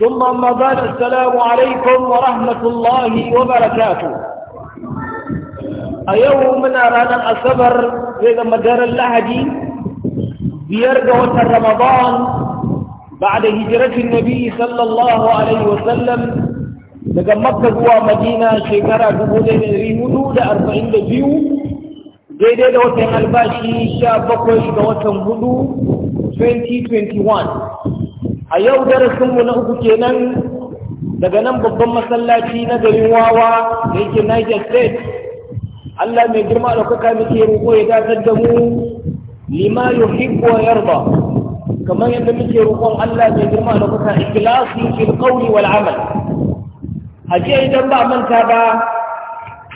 ثم أما بعد السلام عليكم ورحمة الله وبركاته أيوم من أرانا الأصبر إذا مدار اللهدي بيرجع رمضان بعد هجرة النبي صلى الله عليه وسلم daga makka zuwa madina shekara dubu da ɗari hudu da arba'in da biyu daidai da watan albashi sha bakwai ga watan hudu 2021 a yau darasinmu na uku kenan daga nan babban masallaci na garin wawa da yake Niger State Allah mai girma da kuka muke roƙo ya gasar da mu lima yuhibbu wa yarda kamar yadda muke roƙon Allah mai girma da kuka ikhlasi fil qawli wal amal haje idan ba manta ba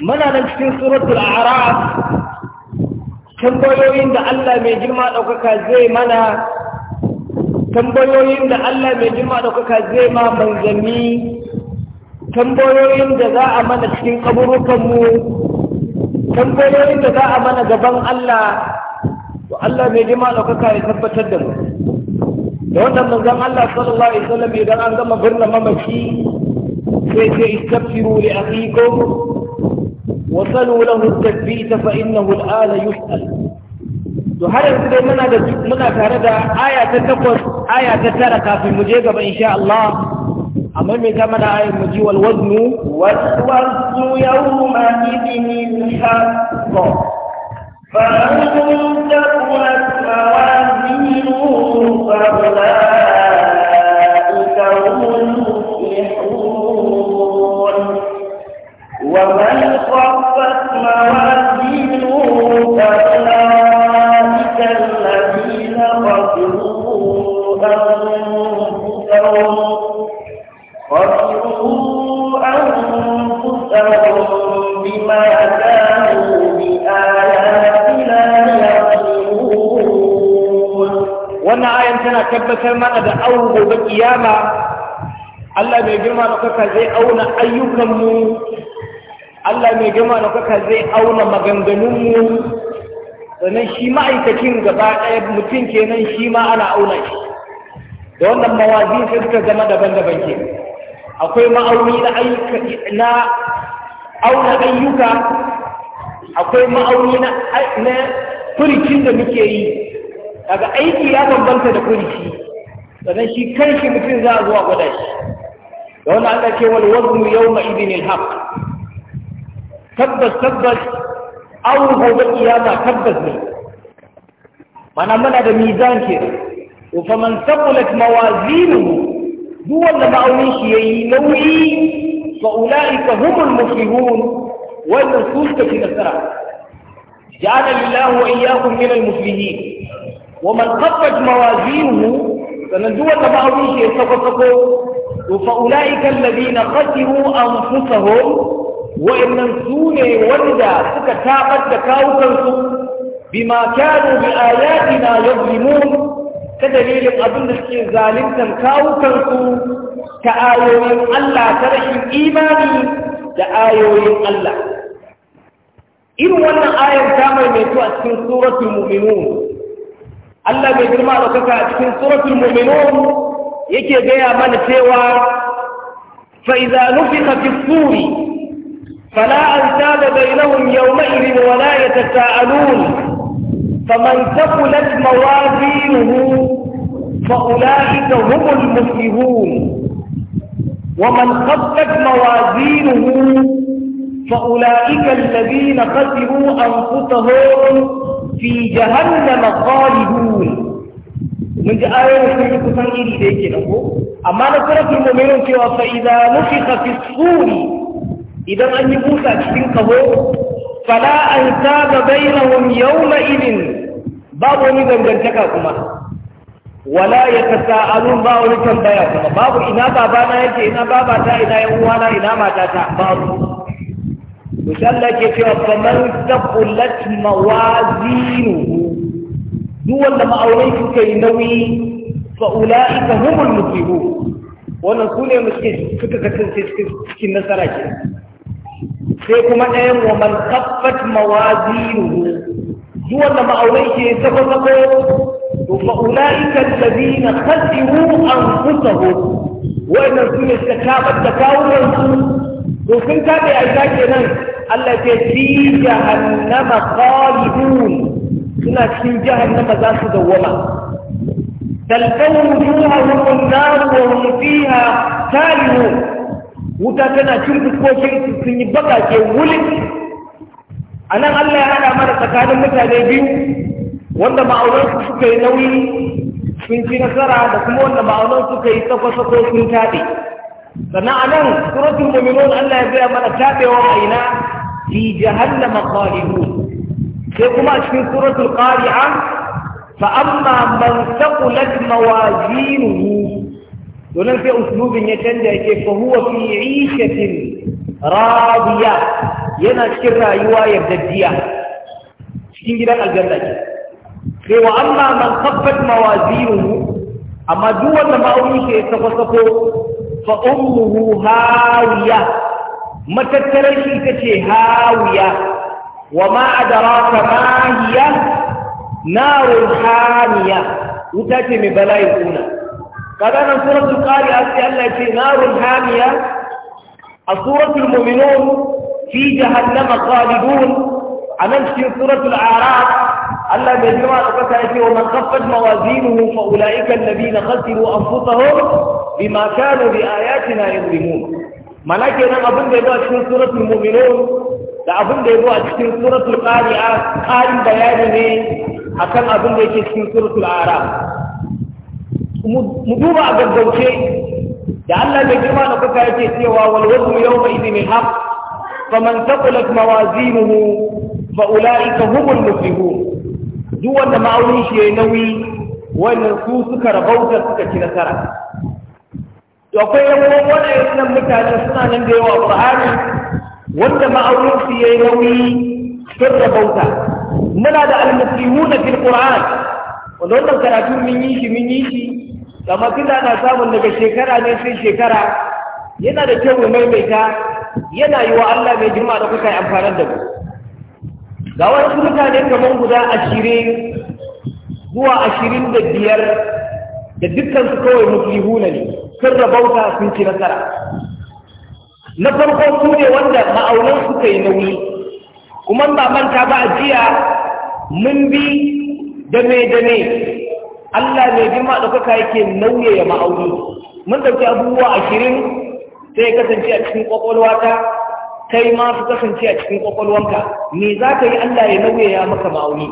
muna nan cikin suratul a'raf tambayoyin da Allah mai girma ɗaukaka zai mana tambayoyin da Allah mai jima da kuka zai ma manzanni tambayoyin da za a mana cikin kaburukanmu tambayoyin da za a mana gaban Allah to Allah mai jima da kuka ya tabbatar da mu da wannan manzon Allah sallallahu alaihi wasallam idan an gama birnin mamaki sai sai istaghfiru li akhikum wa salu lahu at-tathbita fa innahu al-ana yus'al to har yanzu dai muna da muna tare da aya ta takwas aya ta tara kafin mu je gaba insha Allah amma me ta mana ayin mu ji wal waznu wal waznu yawma idin haqq fa antum taqulat mawazinu fa ulaika humul wa man khaffat mawazinu wannan ayan tana tabbatar mana da awu gobe kiyama Allah mai girma da kuka zai auna ayyukanmu Allah mai girma da kuka zai auna maganganunmu sannan shi ma'aikacin gaba ɗaya mutum kenan shi ma ana auna shi da wannan mawazi sai suka zama daban-daban ke akwai ma'auni na auna ayyuka akwai ma'auni na furicin da muke yi kaga aiki ya bambanta da kunshi sannan shi kanshi mutum za a zuwa gwada shi da wani Allah ce wal waznu yawma idin al haqq tabbas tabbas aw gobe kiyama tabbas ne mana muna da mizan ke to fa man saqulat mawazinuhu duk wanda ma'aunin shi yayi nauyi fa ulaika humul muflihun wannan su suka fi nasara ja'ala Allahu wa iyyakum min al muflihin wa man khaffat mawazinuhu sannan duk wanda ma'aunin shi ya sako sako to fa ulaika alladhina khasiru anfusahum wa'annan su ne wanda suka tabar da kawukansu bima kanu bi ayatina yuzlimun ta dalilin abin da suke zaluntar kawukansu ta ayoyin Allah ta rashin imani da ayoyin Allah irin wannan ayar ta a cikin suratul mu'minun Allah mai girma da kaka a cikin suratul mu'minun yake gaya mana cewa fa idza nufiqa fi suri fala ansaba bainahum yawma'idhin wa la yatata'alun faman thaqulat mawazinuhu فأولئك هم المفلحون ومن خفت موازينه فأولئك الذين خسروا أنفسهم fi jahannama khalidun mun ji ayoyin sun yi kusan iri da yake nan ko amma na suratul mu'minun cewa fa idza nufiqa fi suri idan an yi busa cikin kabo fala an saba bainahum yawma idin babu wani dangantaka kuma wala ya tasa'alun ba wani tambaya kuma babu ina babana yake ina babata ina yan uwana ina matata babu misalla ke cewa faman taqulat mawazinuhu duk wanda ma'aunai suka yi nauyi fa ulaika humul mutibu wannan su ne muke suka kasance cikin nasara ke sai kuma ɗayan wa man kaffat mawazinuhu duk wanda ma'aunai ke sako sako فأولئك الذين خسروا أنفسهم وإن الدنيا استكابت تكاوما وكن كان أجاك نفسه Allah ce fi jahannama khalidun suna cikin jahannama za su dawwama talqaw wujuhahum an-nar wa hum fiha kalihun wuta tana cin fuskokin sun yi bakake wulik anan Allah ya hada mana tsakanin mutane biyu wanda ma'auran suka yi nauyi sun ci nasara da kuma wanda ma'auran suka yi sako-sako sun taɓe sannan a suratul muminun Allah ya gaya mana taɓewa a ina fi jahannama khalidun sai kuma a cikin suratul qari'a fa amma man saqulat mawazinuhu donan sai uslubin ya canja yake fa huwa fi 'ishatin radiya yana cikin rayuwa yardajjiya cikin gidan aljanna ke sai wa amma man khaffat mawazinuhu amma duk wanda ma'auni ke sako-sako fa ummuhu hawiya matattarar shi ta ce hawiya wa ma'adaraka mahiya narun hamiya wuta ce mai bala'in kuna kaga nan suratul qari'a sai Allah ce narun hamiya a suratul mu'minun fi jahannama khalidun a nan cikin suratul araf Allah bai jima da kasa yake wa man khaffat mawazinuhu fa ulaika alladhina khasiru anfusahum bima kanu bi ayatina yuzlimun mana kenan abin da ya a cikin suratul mu'minun da abin da ya a cikin suratul qari'a qarin bayani ne akan abin da yake cikin suratul araf mu duba a gaggauce da Allah mai girma da kuka yake cewa wal wazu yawma idhin haqq faman taqulat mawazinuhu fa ulaika humul muflihun duk wanda ma'aunin shi yayi nauyi wannan su suka rabauta suka ci nasara to akwai yawan wani irin mutane suna nan da yawa Qur'ani wanda ma'aurin su ya yi nauyi sun bauta. muna da al na fil Qur'an wanda wannan karatu mun yi shi mun yi shi kamar da na samun daga shekara ne sai shekara yana da kyau mu maimaita yana yi wa Allah mai jima da kuka yi amfani da mu ga wasu mutane kamar guda ashirin zuwa ashirin da biyar da dukkan su kawai huna ne sun rabauta sun ci nasara na farko su ne wanda ma'aunan suka yi nauyi kuma ba manta ba a jiya mun bi dame dame Allah mai ma ɗaukaka yake nauye ya ma'auni mun ɗauki abubuwa ashirin sai kasance a cikin ƙwaƙwalwata kai ma su kasance a cikin ƙwaƙwalwanka me za ka yi Allah ya nauye ya maka ma'auni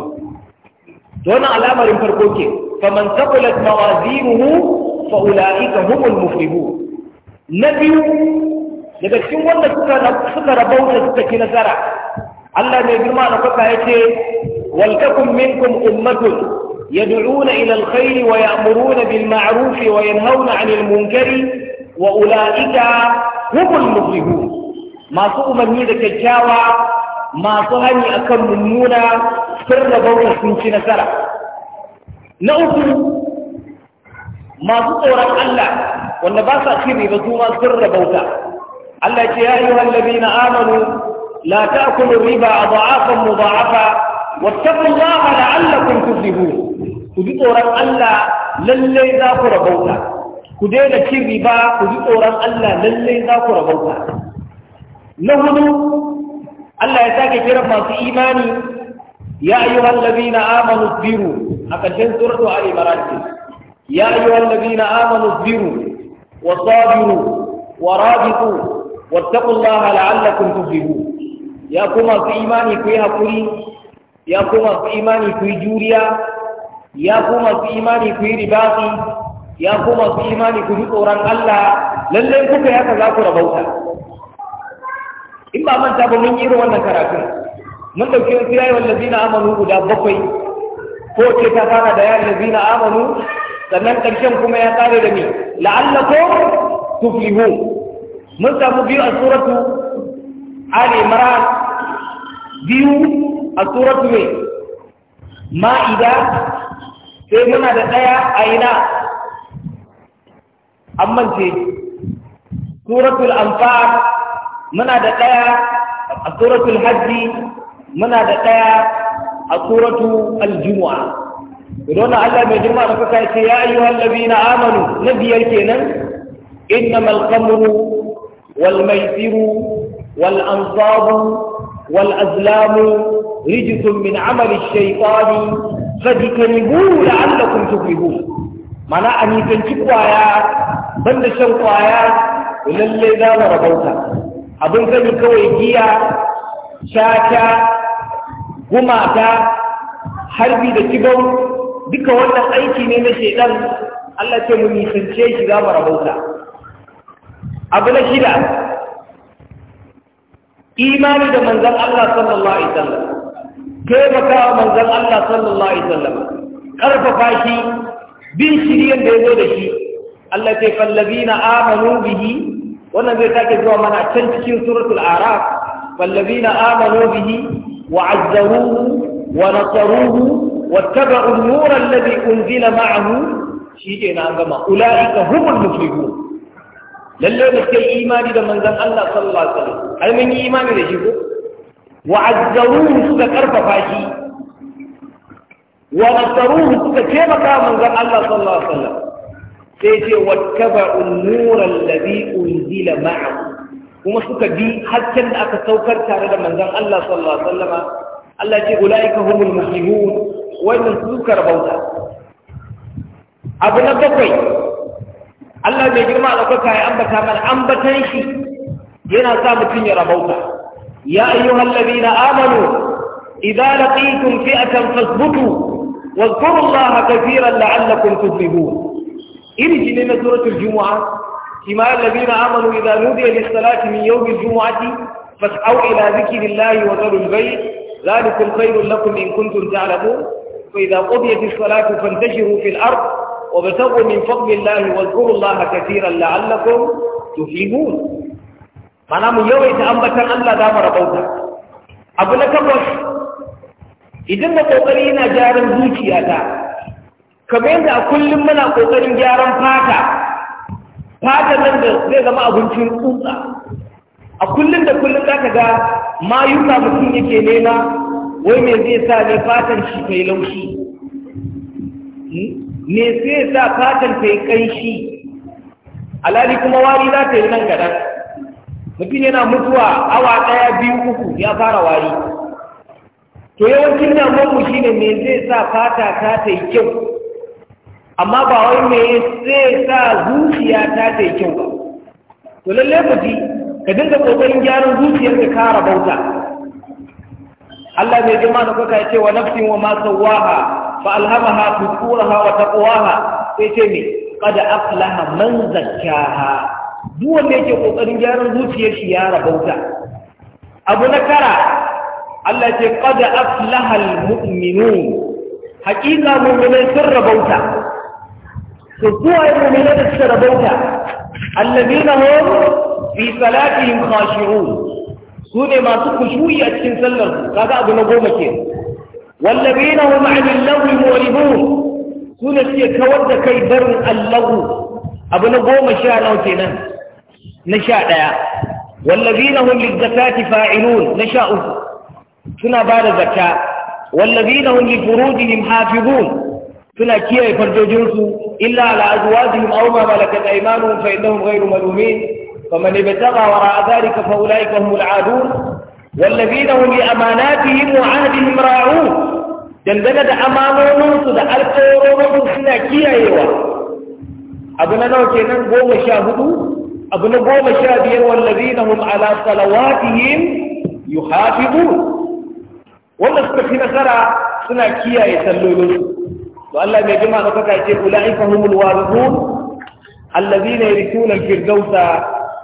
to wannan al'amarin farko ke faman taqulat mawazinuhu فأولئك هم المفلحون نبي daga cikin wanda suka suka rabauta suka ci nasara Allah mai girma da kuka yace wal takum minkum ummatun yad'una ila alkhair wa ya'muruna bil ma'ruf wa yanhauna 'anil munkar wa ulaika humul muflihun masu umarni da kyakkyawa masu hani akan mummuna sun rabauta sun ci nasara na uku masu tsoron Allah wanda ba sa cin ba su ma sun rabauta Allah ce ya ayyuhal ladina amanu la kuma riba a ba'afa. mu adha'afan mudha'afa wattaqullaha la'allakum tuflihun ku ji tsoron Allah lallai za ku rabauta ku daina cin riba ku ji tsoron Allah lallai za ku rabauta na hudu Allah ya sake kiran masu imani ya ayyuhal ladina amanu biru a ƙarshen suratu al-imran يا أيها الذين آمنوا اصبروا وصابروا ورابطوا واتقوا الله لعلكم تفلحون يا كما في إيماني كي هكري يا كما في إيماني كي جوريا يا كما في إيماني كي رباقي يا كما في إيماني كي توران الله للين كوكا يا كذاك ربوتا in ba manta ba mun yi irin wannan karatun mun dauki wasu yayi wallazina amanu guda bakwai ko ce ta fara da yayi wallazina amanu sannan ƙarshen kuma ya ƙare da me la'allakum tuflihu mun samu biyu a suratu ali imran biyu a suratu ne ma'ida sai muna da ɗaya a ina amman ce suratul anfal muna da ɗaya a suratul hajji muna da ɗaya a suratu aljumu'a Dole Allah mai girma da kuka ce ya yi wallabi na amanu na biyar kenan inna malkamuru wal maisiru wal ansabu wal azlamu rijisun min amali shaitani fadikanibu la'allakum tuflihun mana a nisanci kwaya banda shan kwaya lalle za mu rabauta abin sani kawai giya shata gumata harbi da kibau duka wannan aiki ne na shaidan Allah ce mu nisance shi za mu rabauta abu na shida imani da manzan Allah sallallahu alaihi wasallam taimaka wa manzan Allah sallallahu alaihi wasallam karfafa shi bin shiryen da ya zo da shi Allah ce na amanu bihi wannan zai take zuwa mana can cikin suratul araf na amanu bihi wa azzaruhu wa nasaruhu واتبعوا النور الذي أنزل معه شيء نعم أولئك هم المفلحون lalle mu kai imani da manzon Allah sallallahu alaihi wasallam ai mun yi imani da shi ko wa azzaruhu suka karfafa shi wa azzaruhu suka taimaka manzon Allah sallallahu alaihi wasallam sai ce wattaba'u an-nur alladhi unzila ma'a kuma suka bi hakkin da aka saukar tare da manzon Allah sallallahu alaihi wasallama Allah ya ce ulaika humul muslihun wannan suka rabauta abu na bakwai Allah mai girma a ɗaukaka ya ambata mana ambatan shi yana sa mutum ya rabauta ya ayyuhal ladina amanu idza laqitum fi'atan fasbutu واذكروا الله كثيرا لعلكم تفلحون إن جنين سورة الجمعة كما الذين آمنوا إذا نودي للصلاة من يوم الجمعة فاسعوا إلى ذكر الله وذروا البيت ذلكم خير لكم إن كنتم تعلمون فإذا قضيت الصلاة فانتشروا في الأرض وابتغوا من فضل الله واذكروا الله كثيرا لعلكم تفلحون mana mu yawaita ambatan Allah za mu rabauta abu na takwas idan na kokari yana gyaran zuciyata kamar yadda a kullum muna kokarin gyaran fata fata nan da zai zama abincin tsutsa a kullum da kullum za ka ga mayuka mutum yake nema wai me zai sa ne fatan shi ta yi laushi hmm? me zai sa fatan ta yi ƙanshi alali kuma wari za ta yi nan kaɗan mutum yana mutuwa awa ɗaya biyu uku ya fara wari to yawancin damuwa shi ne me zai sa fata ta ta yi kyau amma ba wai me zai sa zuciya ta ta yi kyau ba to lallai ku ji ka dinga ƙoƙarin gyaran zuciyar ka kara bauta Allah mai girma da kuka ce wa nafsin wa ma sawaha fa alhamaha fujuraha wa taqwaha sai ce me qad aflaha man zakkaha duk wanda yake kokarin gyaran zuciyar shi ya rabauta abu na kara Allah ce qad aflaha almu'minun haƙiƙa mu'minai sun rabauta su zuwa yi mu'minai da suka rabauta allazina hum fi salatihim khashi'un su ne masu kushuyi a cikin sallar su kaga abu na goma ke wallabina hum anil lawi mu'ridun su ne suke kawar da kai barin allahu abu na goma sha nawa kenan na sha ɗaya wallabina hum lizakati fa'ilun na sha uku suna ba da zakka wallabina hum li furujihim hafizun suna kiyaye farjojinsu illa ala azwajihim aw ma malakat aymanuhum fa innahum ghayru malumin فمن ابتغى وراء ذلك فأولئك هم العادون والذين هم لأماناتهم وعهدهم راعون جندنا دا أمامهم سدى القرون سنة كي أيوة أبنا شاهدوا أبنا قوم شاهدين والذين هم على صلواتهم يحافظون wanda suka fi nasara suna kiyaye sallolin su to Allah mai jima da kaka ce ulai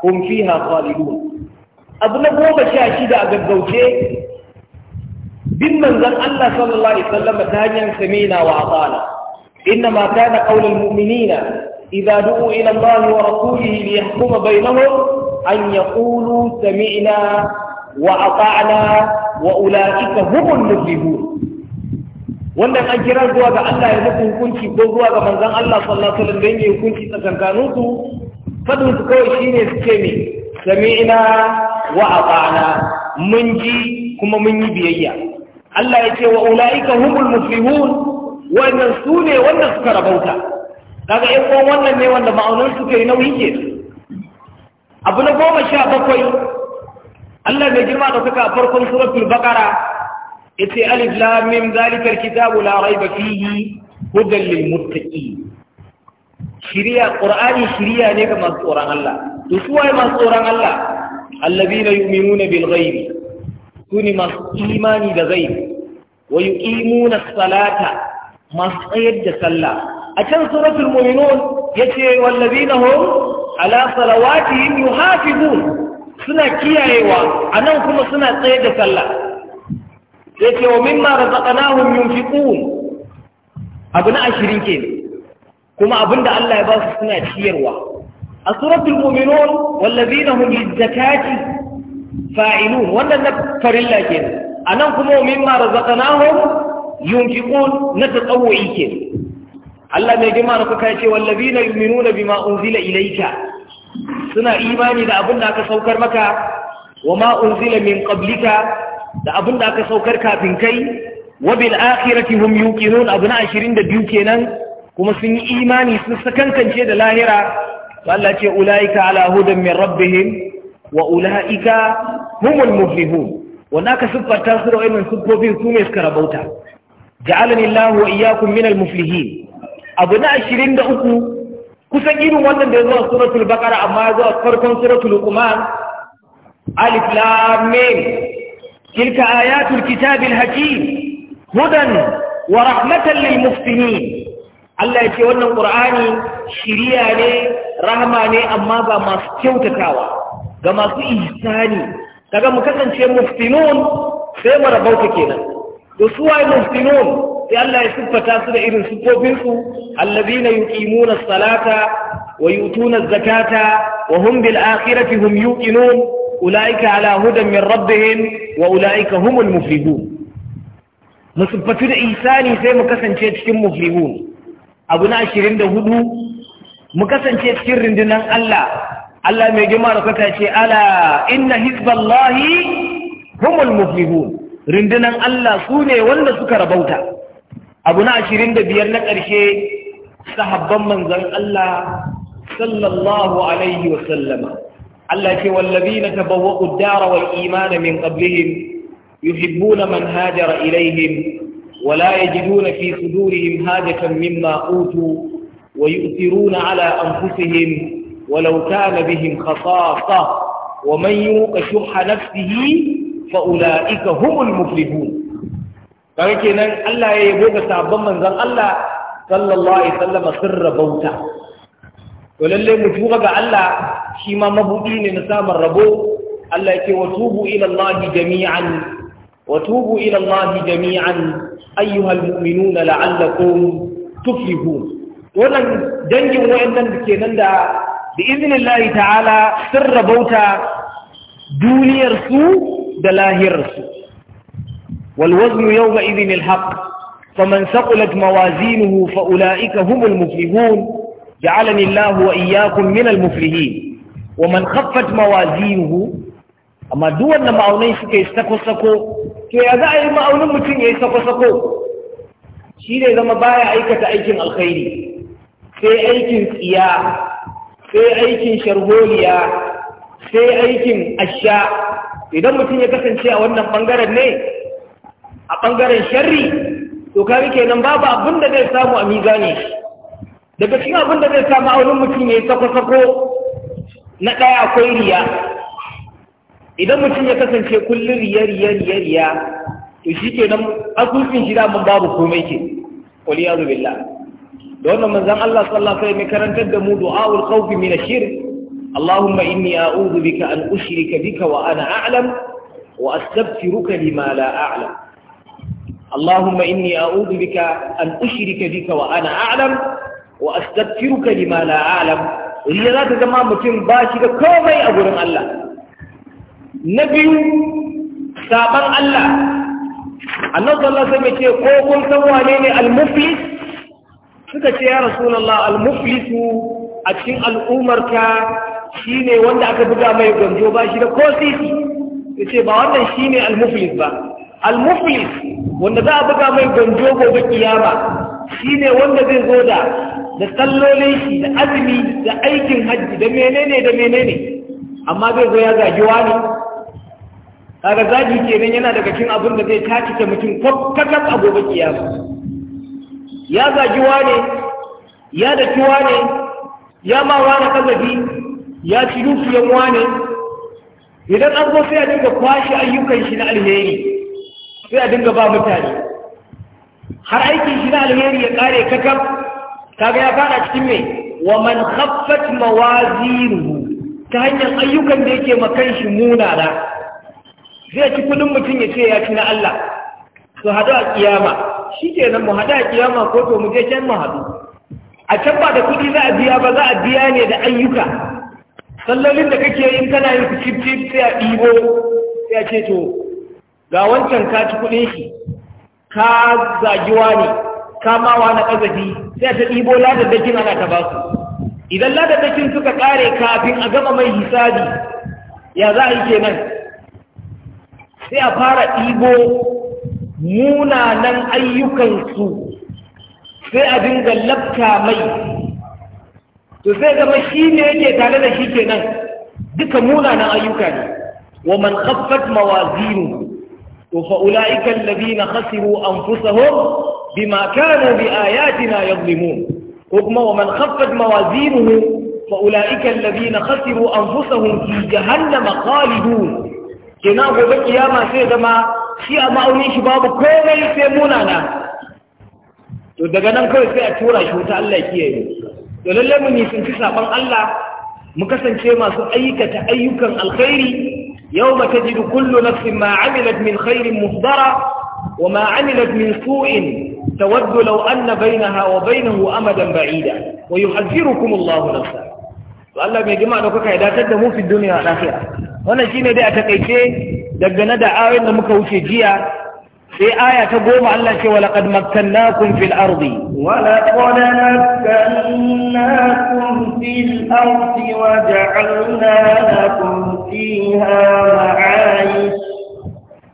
hum fiha khalidun abu na goma sha shida a gaggauce bin manzon Allah sallallahu alaihi wasallam ta hanyar samina wa atala inna ma kana qaulul mu'minina idza du'u ila Allah wa rasulihi li yahkuma bainahum an yaqulu sami'na wa ata'na wa ulaika humul muflihun wannan an kira zuwa ga Allah ya muku hukunci ko zuwa ga manzon Allah sallallahu alaihi wasallam dan ya hukunci tsakankaninsu fadin su kawai shine su ce ne sami'na wa ata'na mun ji kuma mun yi biyayya Allah ya ce wa ulaika humul muflihun wannan su ne wanda suka rabauta kaga yan uwan wannan ne wanda ma'aunin suka yi nauyi ke abu na goma sha bakwai Allah mai girma da suka farkon suratul baqara yace alif lam mim zalikal kitabu la raiba fihi hudan lil muttaqin shiriya qur'ani shiriya ne ga masu tsoron Allah to su waye masu tsoron Allah allazina yu'minuna bil ghaibi sune masu imani da ghaibi wa yuqimuna salata masu tsayar da sallah a can suratul mu'minun yace wallazina hum ala salawatihim yuhafizun suna kiyayewa anan kuma suna tsayar da sallah yace wa mimma razaqnahum yunfiqun abu na ashirin kenan kuma abinda Allah ya ba su suna ciyarwa a suratul mu'minun wallazina hum lizakati fa'ilun wannan na farin kenan anan kuma mimma razaqnahum yunfiqun na tatawwi kenan Allah mai girma na kuka ce wallazina yu'minuna bima unzila ilayka suna imani da abin da aka saukar maka wa ma unzila min qablika da abin da aka saukar kafin kai wa bil akhirati hum yuqinun abuna 22 kenan kuma sun yi imani sun sakankance da lahira Allah ce ulaika ala hudan min rabbihim wa ulaika humul muflihun wanda ka siffanta su da wayannan siffofin su ne suka rabauta ja'alani Allah wa iyyakum minal muflihin abu na 23 kusan irin wannan da ya zuwa suratul baqara amma ya zuwa farkon suratul luqman alif lam mim tilka ayatul kitabil hakim hudan wa rahmatan lil muftinin Allah ya ce wannan Kur'ani shiriya ne rahama ne amma ga masu kyautatawa ga masu ihsani kaga mu kasance muftinun sai mu rabauta kenan to su wai muftinun sai Allah ya siffata su da irin siffofin su allazina yuqimuna as-salata wa yutuna az-zakata wa hum bil akhirati hum yuqinun ulaika ala hudan min rabbihim wa ulaika humul muflihun mu siffatu da ihsani sai mu kasance cikin muflihun abu na ashirin da hudu mu kasance cikin rundunar Allah Allah mai girma da kwata ce ala inna hizballahi humul muflihun rundunar Allah su ne wanda suka rabauta abu na ashirin da biyar na ƙarshe sahabban manzan Allah sallallahu alaihi sallama. Allah ce wallabi na tabawa ƙudara wal imana min ƙablihim yuhibbuna man hajara ilaihim ولا يجدون في صدورهم هادفا مما أوتوا ويؤثرون على أنفسهم ولو كان بهم خصاصة ومن يوق شح نفسه فأولئك هم المفلحون فكنا ألا يبوك سعبان من ذن ألا صلى الله عليه وسلم سر بوتا ولله مجوغة ألا شما مبؤين نسام الربو ألا يتوبوا إلى الله جميعا وتوبوا إلى الله جميعا أيها المؤمنون لعلكم تفلحون wannan dangin wayannan da ke nan da bi iznillahi ta'ala sun rabauta duniyarsu da lahirarsu wal waznu yawma idhin al haqq faman saqulat mawazinuhu fa ulaika humul muflihun ja'alani Allah wa iyyakum min al muflihin wa man khaffat mawazinuhu amma duk wannan ma'aunai suka yi sako sako to ya za a yi ma'aunin mutum ya yi sako-sako shi ne zama baya aikata aikin alkhairi sai aikin tsiya sai aikin sharholiya sai aikin asha idan mutum ya kasance a wannan bangaren ne a bangaren sharri to kari kenan babu abin da zai samu a mizani daga cikin abin da zai samu a aunin mutum ya yi sako-sako na ɗaya akwai riya idan mutum ya kasance kullum riya riya riya riya to shi ke nan shi babu komai ke wali ya zubilla da wannan manzan Allah sallallahu alaihi karantar da mu du'aul khawfi min ashir Allahumma inni a'udhu bika an ushrika bika wa ana a'lam wa astaghfiruka lima la a'lam Allahumma inni a'udhu bika an ushrika bika wa ana a'lam wa astaghfiruka lima la a'lam riya za ta zama mutum ba shi da komai a gurin Allah na biyu saban Allah annabi sallallahu alaihi wasallam ce ko kun san wane ne al-muflis suka ce ya rasulullah al-muflisu a cikin al'umarka shine wanda aka buga mai gonjo ba shi da ko sisi yace ba wannan shine al-muflis ba al-muflis wanda za a buga mai gwanjo gobe kiyama shine wanda zai zo da da sallolin shi da azumi da aikin hajji da menene da menene amma zai zo ya zagi wani kaga zagi kenan yana daga cikin abin da zai tace mutum kakkas a gobe kiyama ya zagi wane ya ki wane ya ma wane kazafi ya ci ya wane idan an zo sai a dinga kwashe ayyukan shi na alheri sai a dinga ba mutane har aikin shi na alheri ya kare kakaf kaga ya fara cikin mai wa man khaffat mawazinuhu ta hanyar ayyukan da yake makan shi munana zai ci kudin mutum ya ce ya ci na Allah su hadu a kiyama shi ke nan mu hadu a kiyama ko to mu je can mu hadu a can ba da kudi za a biya ba za a biya ne da ayyuka sallolin da kake yin kana yin cip cip sai a ɗibo sai a ce to ga wancan ka ci kudin shi ka zagiwa ne kamawa na ƙazafi sai ta ɗibo ladadakin ana ta ba su idan ladadakin suka ƙare kafin a gama mai hisabi ya za a yi kenan sai a fara ɗibo munanan ayyukansu sai a dinga labta mai to sai zama shi ne yake tare da shi kenan duka munanan ayyuka ne wa man khaffat mawazinu to fa ulaika alladhina khasiru anfusahum bima kanu bi ayatina yadhlimun ko kuma wa man khaffat mawazinuhu fa ulaika alladhina khasiru anfusahum fi jahannama khalidun kenan gobe kiyama sai zama shi a ma'aunin shi babu komai sai munana to daga nan kawai sai a tura shi wuta Allah kiyaye to lalle mu nisanci saban Allah mu kasance masu aikata ayyukan alkhairi yawma tajidu kullu nafsin ma amilat min khairin muhdara wa ma amilat min su'in tawaddu law anna bainaha wa bainahu amadan ba'ida wa yuhadhirukum Allah nafsa to Allah mai jama'a da kuka yadatar da mu fi duniya da akhirah wannan shine dai a takaice daga na ayoyin da muka wuce jiya sai aya ta goma Allah ce wa laqad makkannakum fil ardi wa laqad makkannakum fil ardi wa ja'alna lakum fiha ma'ayish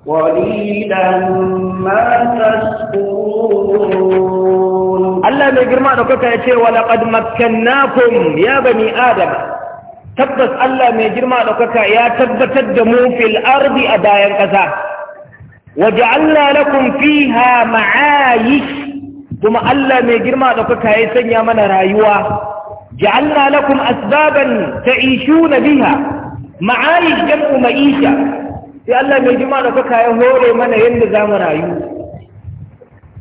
qalilan ma tashkurun Allah mai girma da kuka ya ce wa laqad makkannakum ya bani adama tabbas Allah mai girma ɗaukaka ya tabbatar da mu fil ardi a bayan ƙasa Allah na lakum fiha ma'ayish kuma Allah mai girma ɗaukaka ya sanya mana rayuwa ja'alna lakum asbaban ta ta'ishuna biha ma'ayish jam'u isha. sai Allah mai girma ɗaukaka ya hore mana yadda za mu rayu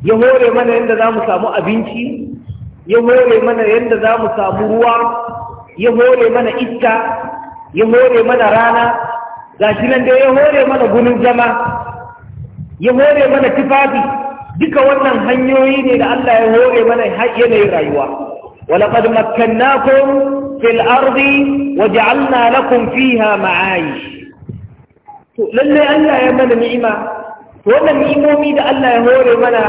ya hore mana yadda za mu samu abinci ya hore mana yadda za mu samu ruwa ya hore mana iska ya hore mana rana ga shi nan dai ya hore mana gunin zama ya hore mana tufafi duka wannan hanyoyi ne da Allah ya hore mana yanayin rayuwa ولقد مكناكم في الأرض وجعلنا لكم فيها معايش to lalle Allah ya mana ni'ima to wannan ni'imomi da Allah ya hore mana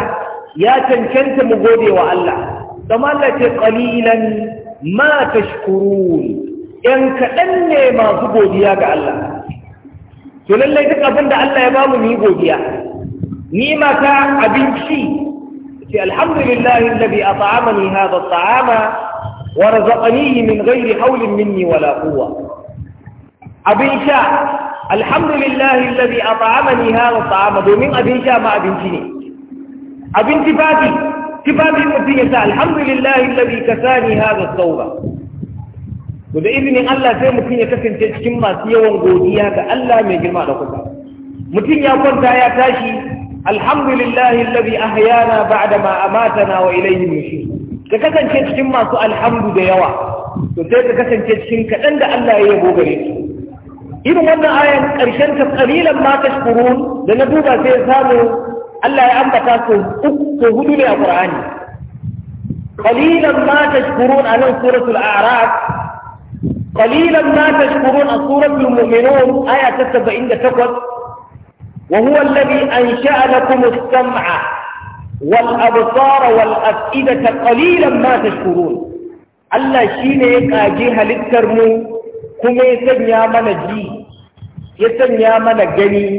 ya cancanta mu gode wa Allah kuma Allah ce qalilan ma tashkurun yan kaɗan ne masu godiya ga Allah to lallai duk abin da Allah ya ba mu ni godiya ni mata abinci ce alhamdulillah alladhi at'amani hadha at'ama wa razaqanihi min ghairi hawlin minni wala quwwa abin sha alhamdulillah alladhi at'amani hadha at'ama domin abin sha ma abinci ne abinci fati tufafi mutum ya sa alhamdulillahi alladhi kasani hadha thawba to da izinin Allah sai mutum ya kasance cikin masu yawan godiya ga Allah mai girma da kuka mutum ya kwanta ya tashi alhamdulillahi alladhi ahyana ba'da ma amatana wa ilayhi nushur ka kasance cikin masu alhamdu da yawa to sai ka kasance cikin kaɗan da Allah ya yabo gare su irin wannan ayan ƙarshen ta qalilan ma tashkurun da na duba sai samu Allah ya ambata su uku hudu ne a Qur'ani qalilan ma tashkurun anan suratul a'raf qalilan ma tashkurun a suratul mu'minun aya ta 78 وهو الذي أنشأ لكم السمع والأبصار والأفئدة قليلا ما تشكرون الله شيني كاجي هلتر مو كما يسن يامن جي يسن يامن جني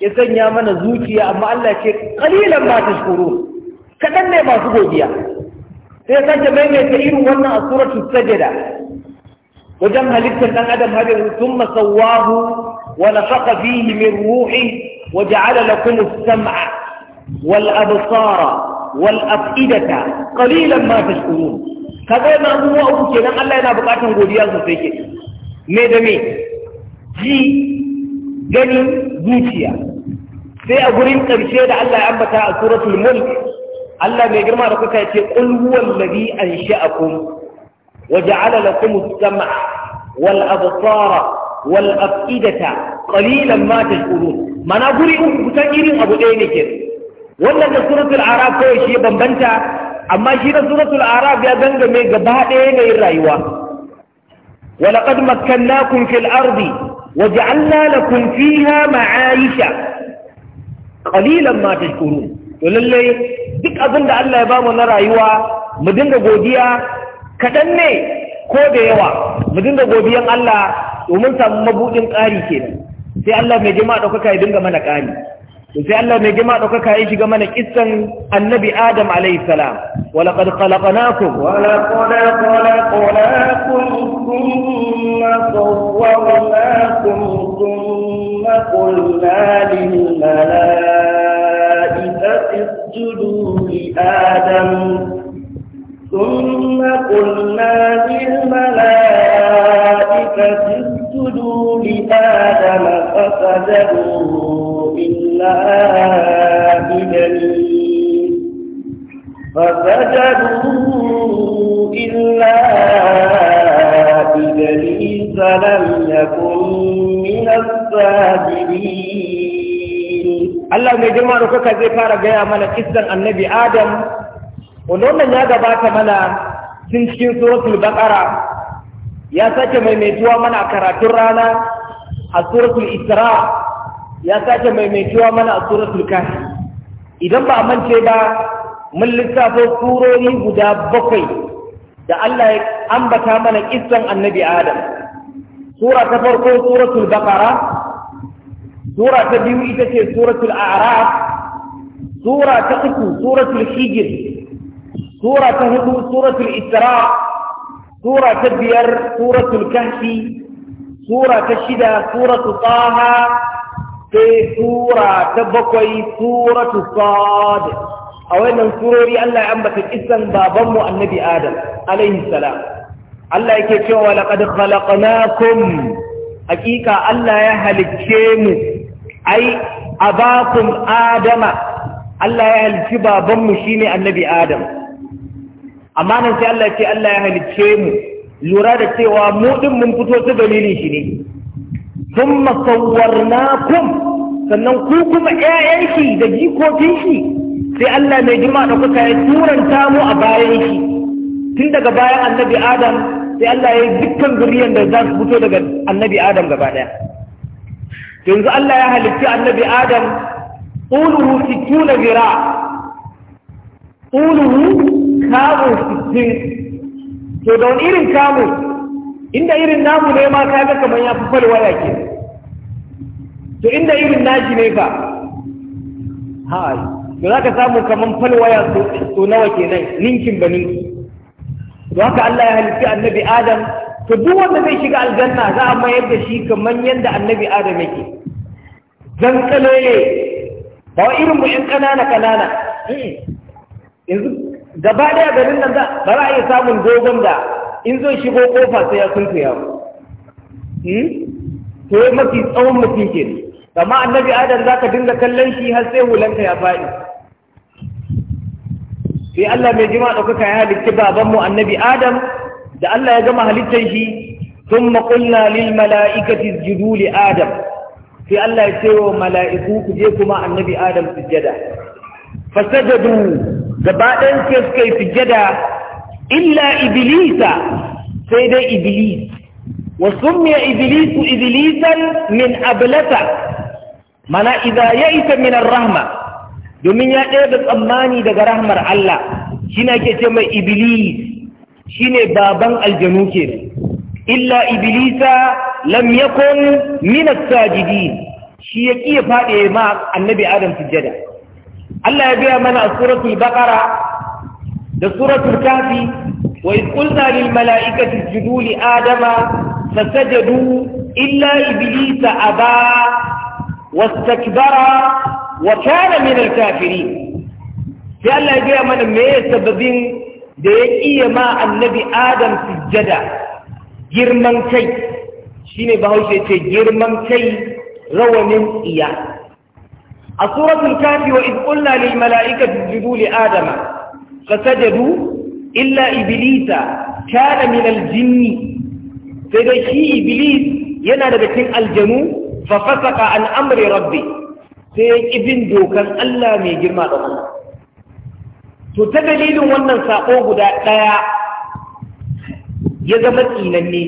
ya sanya mana zuciya amma Allah ce kalilan ma shukuru kadan ne masu godiya sai sake ta irin wannan a suratul sajda wajen halittar dan adam har yanzu thumma sawwahu wa nafaqa fihi min ruhi wa ja'ala lakum as-sam'a wal absara wal af'idata qalilan ma tashkurun kaga yana abubuwa uku kenan Allah yana bukatan godiya sosai ke me da me ji ganin zuciya sai a gurin ƙarshe da Allah ya ambata a suratul mulk Allah mai girma da kuka ce qul huwallazi ansha'akum wa ja'ala lakum as-sam'a wal absara wal af'idata qalilan ma tashkurun mana guri uku kusan irin abu ɗaya ne ke wannan da suratul araf ko shi bambanta amma shi da suratul araf ya gangame gaba ɗaya yanayin rayuwa ولقد مكناكم في الأرض وجعلنا لكم فيها معايشة قليلا ما تشكرون ولله duk abin da Allah ya bamu na rayuwa mu dinga godiya kaɗan ne ko da yawa mu dinga godiyan Allah domin samu mabudin ƙari kenan sai Allah mai jama'a ɗaukaka ya dinga mana ƙari sai Allah mai gima ɗaukaka ya shiga mana kissan annabi Adam alaihi salam wala qad khalaqnakum wala qad khalaqnakum thumma sawwarnakum thumma qulna lil malaikati isjudu li adam ثم قلنا للملائكة اسجدوا لآدم فسجدوا إلا إبليس فسجدوا إلا إبليس لم يكن من الساجدين الله mai girma da kuka zai fara gaya mana kissan annabi Adam wanda wannan ya gabata mana tun cikin suratul baqara ya sake maimaituwa mana karatun rana a suratul isra ya sake maimaituwa mana a suratul kafi idan ba a mance ba mun lissafo surori guda bakwai da Allah ya ambata mana kissan annabi Adam sura ta farko suratul baqara sura ta biyu ita ce suratul a'raf sura ta uku suratul hijr sura ta hudu suratul isra' sura ta biyar suratul kahfi sura ta shida suratul taha sai sura ta bakwai suratul sad a wannan surori Allah ya ambata kisan babanmu annabi Adam alaihi salam Allah yake cewa laqad khalaqnakum hakika Allah ya halicce mu ai abakum adama Allah ya halicci babanmu shine annabi Adam amma nan sai Allah ce Allah ya halicce mu lura da cewa mu din mun fito ta dalilin shi ne thumma sawwarnakum sannan ku kuma ƴaƴan shi da jikokin shi sai Allah mai jima da kuka ya turanta mu a bayan shi tun daga bayan annabi Adam sai Allah ya yi dukkan zuriyar da za su fito daga annabi Adam gaba ɗaya. yanzu Allah ya halicci annabi Adam طوله ستون ذراع طوله kamun sittin to da wani irin kamun inda irin namu ne ma kaga kamar ya fi ya ke to inda irin naji ne fa ha to za ka samu kamar ya so nawa ke nan, ninkin ba ninki to haka Allah ya halitta annabi Adam to duk wanda zai shiga aljanna za a mayar da shi kamar yadda annabi Adam yake zan kalele ba irin mu ƴan ƙanana ƙanana hmm. yanzu gaba daya garin nan ba za a iya samun dogon da in zai shigo kofa sai ya sunkuya hmm? to ya mafi tsawon mutum ke ne amma annabi adam za ka dinga kallon shi har sai hulanka ya faɗi sai Allah mai jima kuka ya halitti babanmu annabi adam da Allah ya gama halittar shi sun maƙulla lil mala'ikati judu li adam sai Allah ya ce wa mala'iku ku je kuma annabi adam sujjada fasajadu gaba ɗan sai suka yi sujjada illa ibilisa, sai dai ibilis. wa summiya iblisu iblisan min ablata mana idza ya'isa min rahma domin ya ɗaya da tsammani daga rahmar Allah shine ake ce mai iblis shine baban aljanu ke illa iblisa lam yakun min as-sajidin shi ya kiya fade ma annabi adam sujjada Allah ya gaya mana a suratul baqara da suratul kafi wa iz qulna lil mala'ikati isjudu li adama fasajadu illa iblisa aba wastakbara wa kana min al kafirin sai Allah ya gaya mana me sababin da ya iya ma annabi adam sujjada girman kai shine bahaushe ce girman kai rawanin iya a suratul kafi wa idh qulna lil mala'ikati isjudu li adama fasajadu illa iblisa kana min al jinni sai dai shi iblis yana daga cikin aljanu fa fasaqa an amri rabbi sai ibin dokan Allah mai girma da Allah to ta dalilin wannan sako guda daya ya zama tsinanne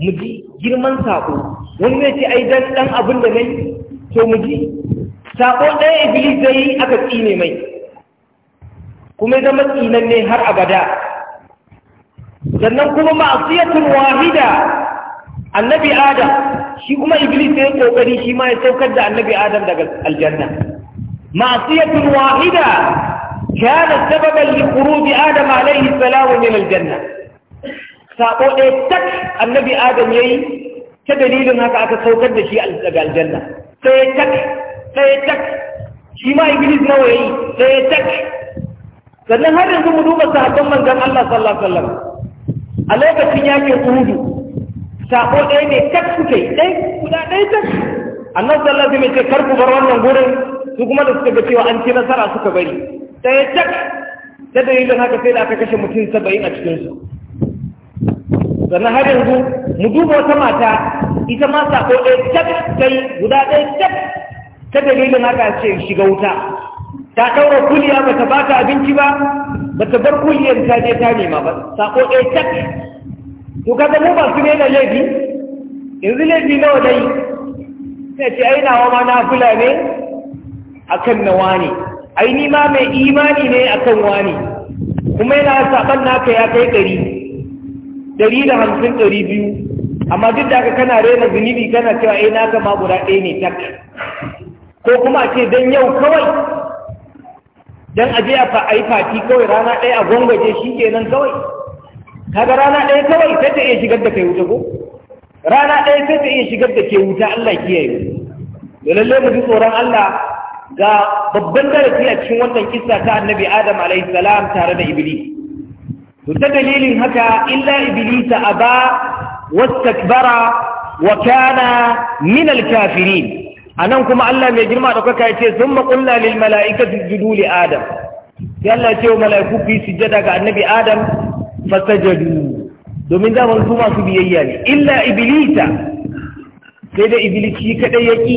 mu ji girman sako wani zai ce ai dan dan abin da nayi to mu ji sako ɗaya iblis da yi aka tsine mai kuma zama tsinan ne har abada sannan kuma ma'asiyatul wahida annabi adam shi kuma iblis ya kokari shi ma ya saukar da annabi adam daga aljanna ma'asiyatul wahida kana sababan li khuruj adam alayhi salamu min aljanna sako ɗaya tak annabi adam yayi ta dalilin haka aka saukar da shi daga aljanna ɗaya tak ɗaya tak shi ma Iblis nawa yayi ɗaya tak sannan har yanzu mu duba sahabban manzon Allah sallallahu alaihi wasallam a lokacin yakin Uhud sako ɗaya ne tak suke ɗaya guda ɗaya tak annabi sallallahu alaihi wasallam ce kar ku bar wannan gurin su kuma da suka ga cewa an ci nasara suka bari ɗaya tak ta dalilin haka sai da aka kashe mutum saba'in a cikinsu sannan har yanzu mu duba wata mata ita ma sako ɗaya tak guda ɗaya ta dalilin haka ce shiga wuta ta ɗaura kuliya ba ta baka abinci ba ba ta bar kuliyar ta je ta nema ba sako ɗaya tak to ka mu ba su nena laifi yanzu laifi nawa dai sai ce ai nawa ma na fula ne akan nawa ne ai ni ma mai imani ne akan wani kuma yana saban naka ya kai ɗari ɗari da hamsin ɗari biyu amma duk da haka kana rena zunubi kana cewa eh naka ma guda ɗaya ne tak ko kuma a ce dan yau kawai dan aje a yi fati kawai rana ɗaya a gwangwaje shi kenan kawai kaga rana ɗaya kawai sai ta iya shigar da kai wuta ko rana ɗaya sai ta iya shigar da ke wuta Allah kiyaye da lalle mu ji tsoron Allah ga babban darasi a cikin wannan kissa ta annabi Adam alaihi salam tare da Iblis to ta dalilin haka illa Iblis aba wastakbara wa kana min alkafirin anan kuma Allah mai girma da kuka yace thumma qulna lil malaikati isjudu li adam sai Allah ya ce malaiku fi sujada ga annabi adam fasajadu domin da su masu biyayya ne illa iblisa sai da iblis shi kadai yaki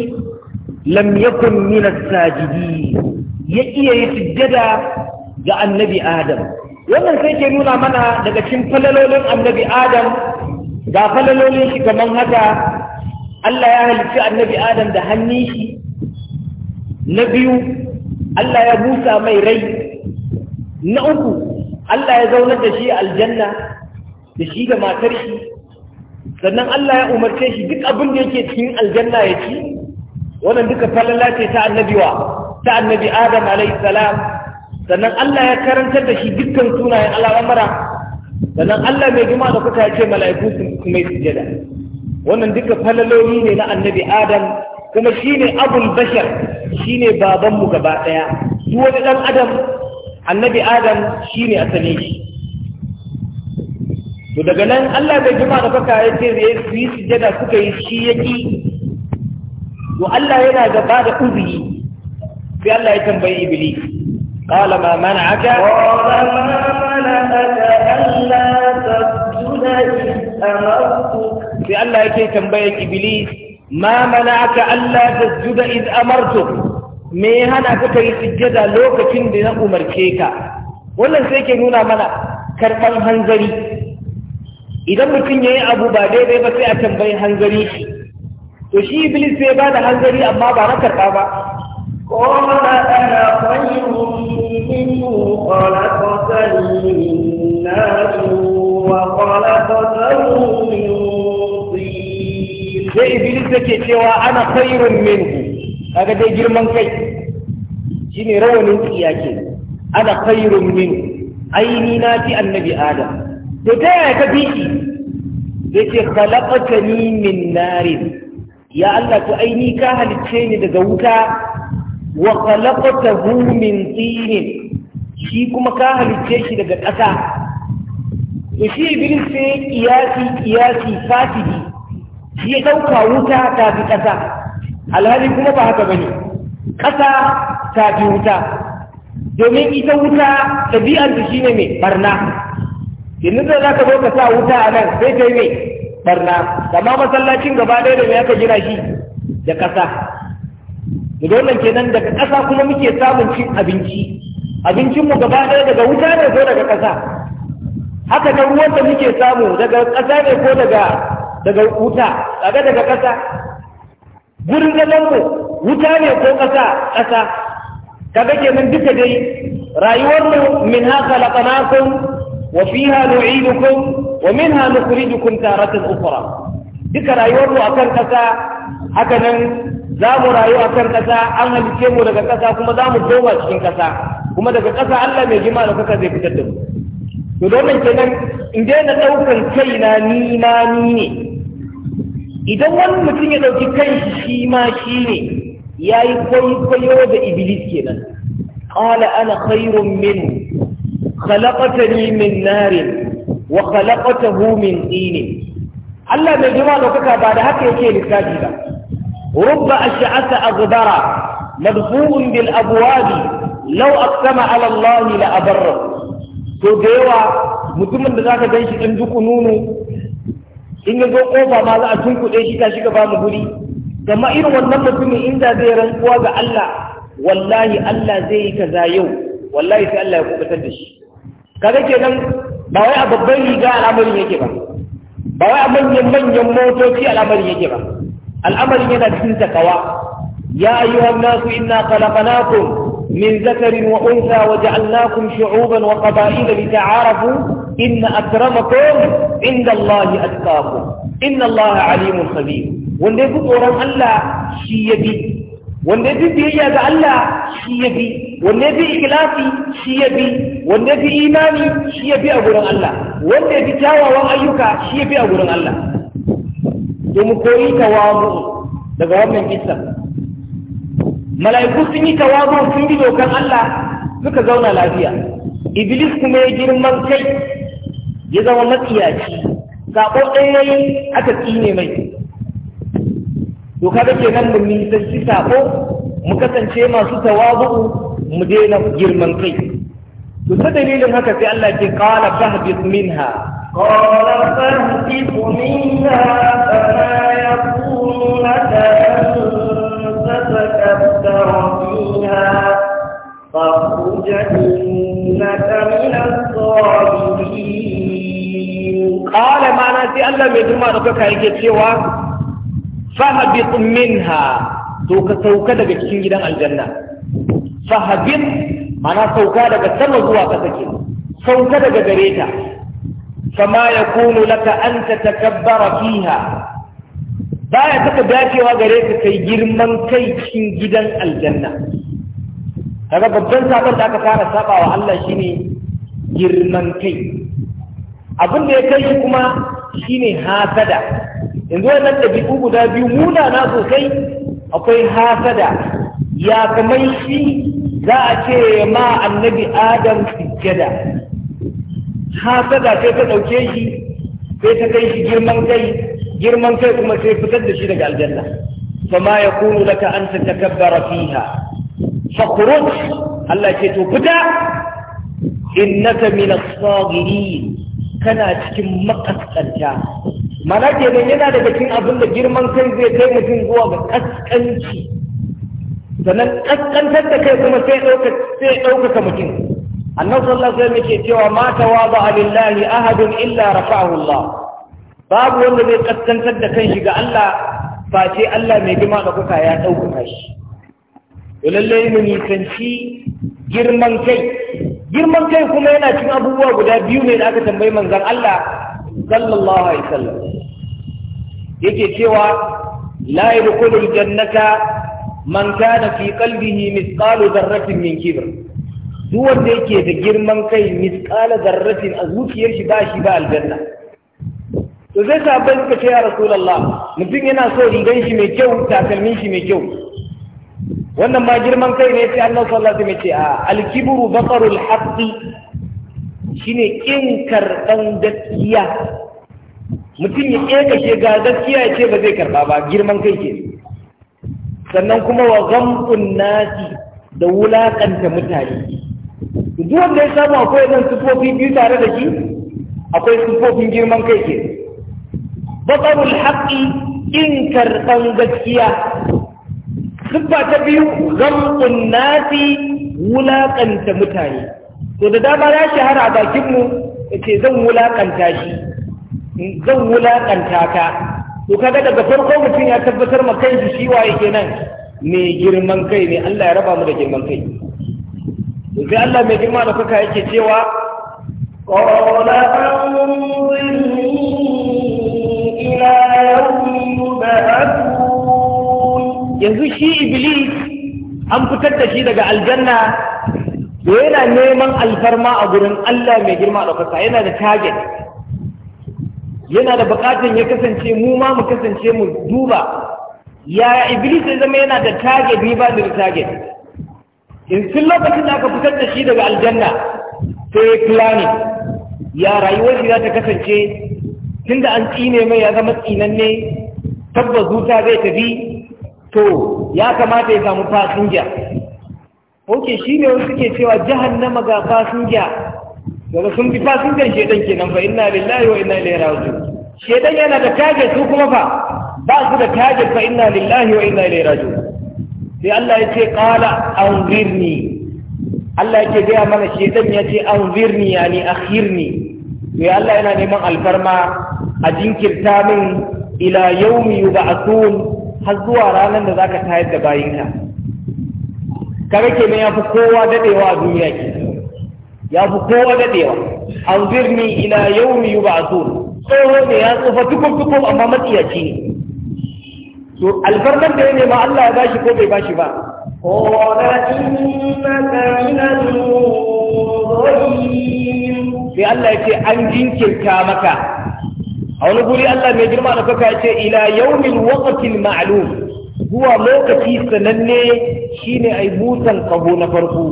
lam yakun sajidi ya iya yi sujjada ga annabi adam wannan sai ke nuna mana daga cikin falalolin annabi adam ga falalolin shi kamar haka Allah ya halicci annabi Adam da hannun shi na biyu Allah ya busa mai rai na uku Allah ya zaunar da shi aljanna da shi da matar shi sannan Allah ya umarce shi duk abin da yake cikin aljanna ya ci wannan duka falala ce ta annabi wa ta annabi Adam alayhi salam sannan Allah ya karantar da shi dukkan sunayen al'amura sannan Allah mai girma da kuka ce mala'iku sun kuma yi sujada wannan duka falaloli ne na annabi Adam kuma shine abul bashar shine baban mu gaba daya duk wani dan adam annabi Adam shine asali shi to daga nan Allah bai jima da baka ya ce zai su yi sujada suka yi shi ya to Allah yana gaba da uzuri sai Allah ya tambayi iblis qala ma mana'aka qala Sai أمرتك في الله يكي تنبيك إبليس ما منعك ألا تسجد إذ me hana ka kai sujjada lokacin da na umarce ka wannan sai ke nuna mana karban hanzari idan mutum yayi abu ba daidai ba sai a tambayi hanzari shi to shi iblis sai ba da hanzari amma ba na karba ba قال أنا خير منه خلقتني من نار وخلقته sai iblis ke cewa ana khairun minhu kaga dai girman kai shine rawanin tsiya ke ana khairun minhu aini na fi annabi adam to ta yaya ka bi shi yace ni min narin ya Allah to aini ka halicce ni daga wuta wa hu min tinin shi kuma ka halicce shi daga ƙasa to shi iblis sai kiyasi kiyasi fasidi shi ya dauka wuta ta fi ƙasa alhali kuma ba haka bane ƙasa ta fi wuta domin ita wuta ɗabi'ar ta shine mai barna yanzu da za ka zo ka sa wuta a nan sai kai mai barna amma masallacin gaba ɗaya da me aka gina shi da ƙasa da wannan kenan daga ƙasa kuma muke samun cin abinci abincinmu gaba ɗaya daga wuta ne zo daga ƙasa haka nan ruwan da muke samu daga ƙasa ne ko daga daga wuta daga daga ƙasa gurin zaman mu wuta ne ko ƙasa ƙasa kaga kenan duka dai rayuwar mu min ha khalaqnakum wa fiha nu'idukum wa minha nukhrijukum taratan ukhra duka rayuwar mu akan ƙasa haka nan za mu rayu akan ƙasa an halice mu daga ƙasa kuma za mu koma cikin ƙasa kuma daga ƙasa Allah mai jima da kuka zai fitar da mu to domin kenan in daina ɗaukan na ni na ni ne idan wani mutum ya ɗauki kai shi ma shi ne ya yi kwaikwayo da iblis kenan qala ana khairun min khalaqatani min narin wa khalaqatahu min tin Allah mai jima ɗaukaka ba da haka yake lissafi ba rubba ash'asa aghbara madfu'un bil abwabi law aqsama ala Allah la abarra To da yawa mutumin da za ka gan shi ɗan duku nunu in ya zo ƙofa ma za a tunkuɗe shi ta shiga mu guri gama irin wannan mutumin inda zai rantsuwa ga Allah wallahi Allah zai yi kaza yau wallahi sai Allah ya kubutar da shi kaga kenan ba wai a babban riga al'amarin yake ba ba wai a manyan manyan motoci al'amarin yake ba al'amarin yana cikin takawa ya ayyuhan nasu inna khalaqnakum من ذكر وأنثى وجعلناكم شعوبا وقبائل لتعارفوا إن أكرمكم عند الله أتقاكم إن الله عليم خبير wanda ya fi tsoron Allah shi ya bi wanda ya biyayya ga Allah shi ya bi wanda ya ikilasi shi ya bi wanda ya fi imani shi ya bi a gurin Allah wanda ya kyawawan ayyuka shi ya bi a gurin Allah domin koyi tawamu daga wannan Isa. mala'iku sun yi tawazu sun bi dokan Allah suka zauna lafiya iblis kuma ya girman kai ya zama matsiyaci sabo ɗaya yayi aka tsine mai to kaga nan mu nisanci sabo mu kasance masu tawazu mu daina girman kai to ta dalilin haka sai Allah ke qala fahbit minha qala fahbit minha fama yakunu laka فتكبر فيها فاخرج إنك من الظالمين قال ما ناسي ألا مجمع ربك هيك سوى فهبط منها توك توك daga cikin gidan aljanna fahabit mana sauka daga sama zuwa ƙasa ke sauka daga gare ta kama yakunu laka an tatakabbara baya taɓa dacewa gare ka kai girman kai cikin gidan aljanna kaga babban sabon da aka fara saba wa Allah shine girman kai abin da ya kai shi kuma shine hasada yanzu wannan ɗabi'u guda biyu na sosai akwai hasada ya kamai shi za a ce ma annabi adam sujjada hasada sai ta ɗauke shi sai ta kai shi girman kai girman kai kuma sai fitar da shi daga aljanna fama yakunu laka an tatakabbara fiha fakhruj Allah ce to fita innaka min as-sagirin kana cikin makaskanta mana kenan yana daga cikin abin da girman kai zai kai mutum zuwa ga kaskanci sannan kaskantar da kai kuma sai sai ɗaukaka mutum annabi sallallahu alaihi wasallam yake cewa ma tawaba lillahi ahadun illa rafa'ahu Allah babu wanda zai kaskantar da kanshi ga Allah face Allah mai girma da kuka ya ɗaukaka shi to lallai mu nisanci girman kai girman kai kuma yana cin abubuwa guda biyu ne da aka tambayi manzon Allah sallallahu alaihi sallam yake cewa la yadkhulul jannata man kana fi qalbihi mithqalu dharratin min kibr duk wanda yake da girman kai mithqala dharratin a zuciyar shi ba shi ba aljanna to sai sahabbai suka ce ya rasulullah mutum yana so rigan shi mai kyau takalmin shi mai kyau wannan ma girman kai ne sai Allah sallallahu alaihi wasallam ce a al-kibru baqarul shine kin karban gaskiya mutum ya kekashe ga gaskiya ya ce ba zai karba ba girman kai ke sannan kuma wa ghamqun nasi da wulakanta mutane duk wanda ya samu akwai zan sufofi biyu tare da shi akwai sufofin girman kai ke batsarul haƙi in karɓan gaskiya siffa ta biyu zamɓun nasi wulaƙanta mutane to da dama ya shahara a bakinmu ya ce zan wulaƙanta shi zan wulaƙanta ka to kaga daga farko mutum ya tabbatar ma kanshi shi waye kenan mai girman kai ne Allah ya raba da girman kai sai Allah mai girma da kuka yake cewa Yanzu shi iblis an fitar da shi daga aljanna da yana neman alfarma a gurin Allah mai girma ɗaukaka yana da target yana da buƙatar ya kasance mu ma mu kasance mu duba ya iblis ya zama yana da target ni ba da target in sun lokacin da aka fitar da shi daga aljanna sai ya planning ya rayuwar shi za ta kasance tunda an tsine mai ya zama tsinanne tabbas zuta zai tafi to ya kamata ya samu fasinja ok shi ne wasu suke cewa jahannama ga fasinja daga sun fi fasinjan shedan kenan fa inna lillahi wa inna ilaihi raji'un shedan yana da target su kuma fa ba su da target fa inna lillahi wa inna ilaihi raji'un sai Allah ya ce qala anzirni Allah yake gaya mana shedan ya ce anzirni yani akhirni sai Allah yana neman alfarma a jinkirta min ila yaumi yub'athun har zuwa ranar da zaka tayar da bayinka kare ya fi kowa dadewa a duniya ke Ya fi kowa dadewa An anzirni ila yaumi yub'athun Tsoro ne ya tsufa tukum tukum amma matsiyaci ne to alfarmar da ya nema Allah ya bashi ko bai bashi ba قال إنك من Allah ya ce an jinkirta maka. a wani guri Allah mai girma da kaka ce ila yawmin waqtil ma'lum zuwa lokaci sananne shine ai mutan kaho na farko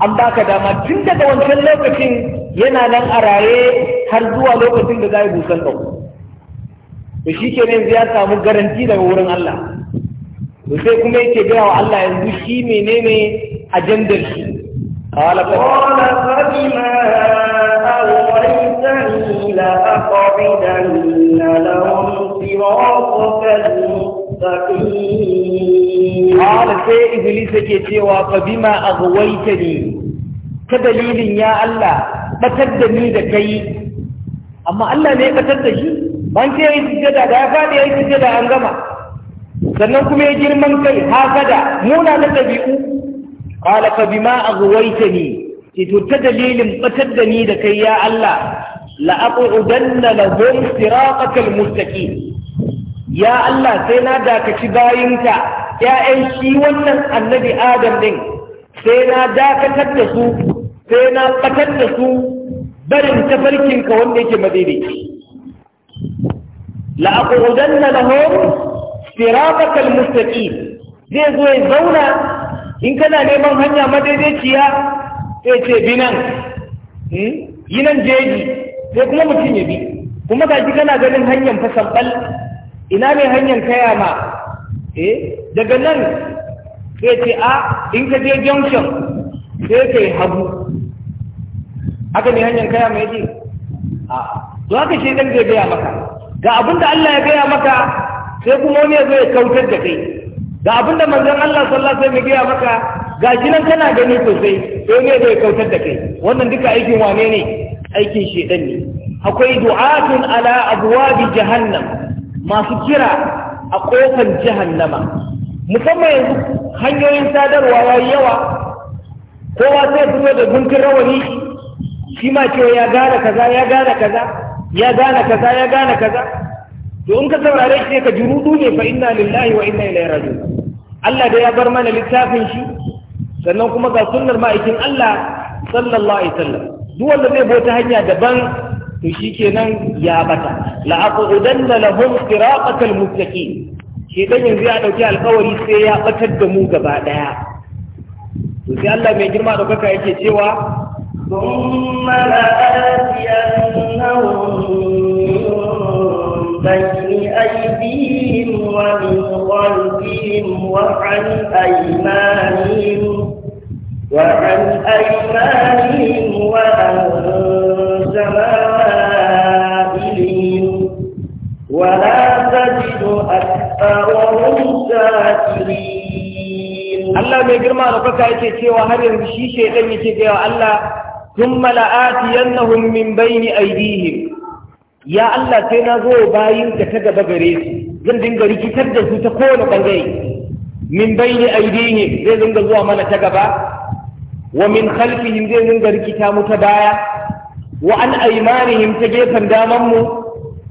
an baka dama tun daga wancan lokacin yana nan a raye har zuwa lokacin da za yi busan kaho to shi ke ne ya samu garanti daga wurin Allah to sai kuma yake gaya wa Allah yanzu shi menene ajandar shi qala qala لأقعدن لهم صراطك المستقيم قال سي إبليس كيتيوا فبما أغويتني كدليل يا الله بتدني دكي أما الله ليه بتدني ban ce yi sujada da ya faɗi ya yi sujada an gama sannan kuma ya girman kai hasada muna na ɗabi'u qala fa bima aghwaytani ce to ta dalilin batar da ni da kai ya Allah udan la'aqudanna lahum siratakal mustaqim ya Allah sai na dakaci bayinka ya'yan shi wannan annabi Adam din sai na dakatar da su sai na fatar da su barin tafarkinka wanda yake madaidaici la'aqudanna lahum siratakal mustaqim zai zo ya zauna in kana neman hanya madaidaiciya sai ce binan yi nan jeji sai kuma mutum ya bi kuma ga kana ganin hanyar fa sabbal ina ne hanyar kaya ma eh daga nan sai ce a in ka je junction sai ka yi hagu haka ne hanyar kaya ma yake a to haka shi dan zai gaya maka ga abin da Allah ya gaya maka sai kuma wani ya zo ya kautar da kai ga abin da manzon Allah sallallahu alaihi wasallam ya gaya maka ga jinan kana gani sosai sai ne zai kautar da kai wannan duka aikin wane ne aikin shaidan ne akwai du'atun ala abwabi jahannam masu kira a kofar jahannama musamman yanzu hanyoyin sadarwa yayi yawa kowa sai fito da guntun rawani shi ma cewa ya gane kaza ya gane kaza ya gane kaza ya gane kaza to in ka saurare shi ka jurudu ne fa inna lillahi wa inna ilaihi raji'un Allah da ya bar mana littafin shi sannan kuma ga sunnar ma'aikin Allah sallallahu alaihi wasallam duk wanda zai bota hanya daban to shikenan ya bata la aqudanna lahum siratal shi dan yanzu ya dauki alkawari sai ya batar da mu gaba daya to sai Allah mai girma da kaka yake cewa thumma la atiyannahum وعن أيمانهم وعن شمائلهم ولا تجد أكثرهم شاكرين الله ما يجرم على فكا يتي وهل يمشي شيئا يتي الله ثم لآتينهم من بين أيديهم ya Allah sai na zo bayin ka ta gaba gare su zan dinga rikitar da su ta kowane bangare min bayni aidihim zai dinga zuwa mana ta gaba wa min khalfihim zai dinga rikita mu ta baya wa an aymanihim ta gefen daman mu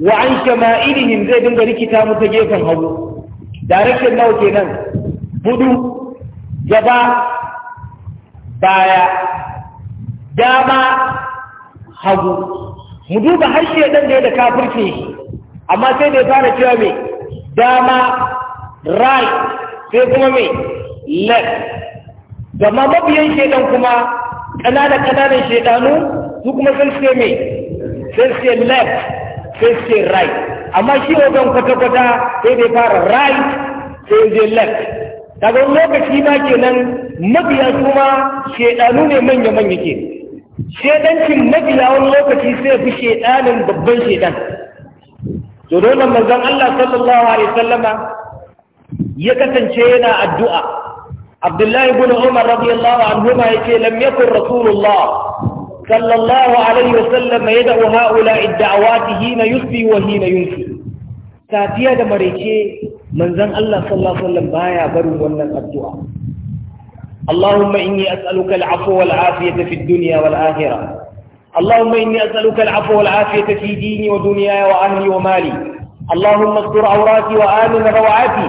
wa an shama'ilihim zai dinga rikita mu ta gefen hagu direction nawa kenan hudu gaba baya dama hagu mu duba harshe ɗan da ya da kafirci amma sai da ya fara cewa mai dama right sai kuma mai left gama mabiyan shaidan kuma ƙananan ƙananan shaidanu su kuma sun ce me sun ce left sun ce right amma shi wajen kwata-kwata sai dai fara right sai je left daga lokaci ma kenan mabiya su ma shaidanu ne manya-manya ke shaidancin mabiya wani lokaci sai fi shaidanin babban shaidan to dole manzon Allah sallallahu alaihi wasallama ya kasance yana addu'a abdullahi ibn umar radiyallahu anhuma yace lam yakun rasulullah sallallahu alaihi wasallam yad'u haula ad-da'awati hina yusbi wa hina yunsi safiya da marece manzon Allah sallallahu alaihi wasallam baya barin wannan addu'a اللهم إني أسألك العفو والعافية في الدنيا والآخرة اللهم إني أسألك العفو والعافية في ديني ودنياي وأهلي ومالي اللهم استر عوراتي وآمن روعاتي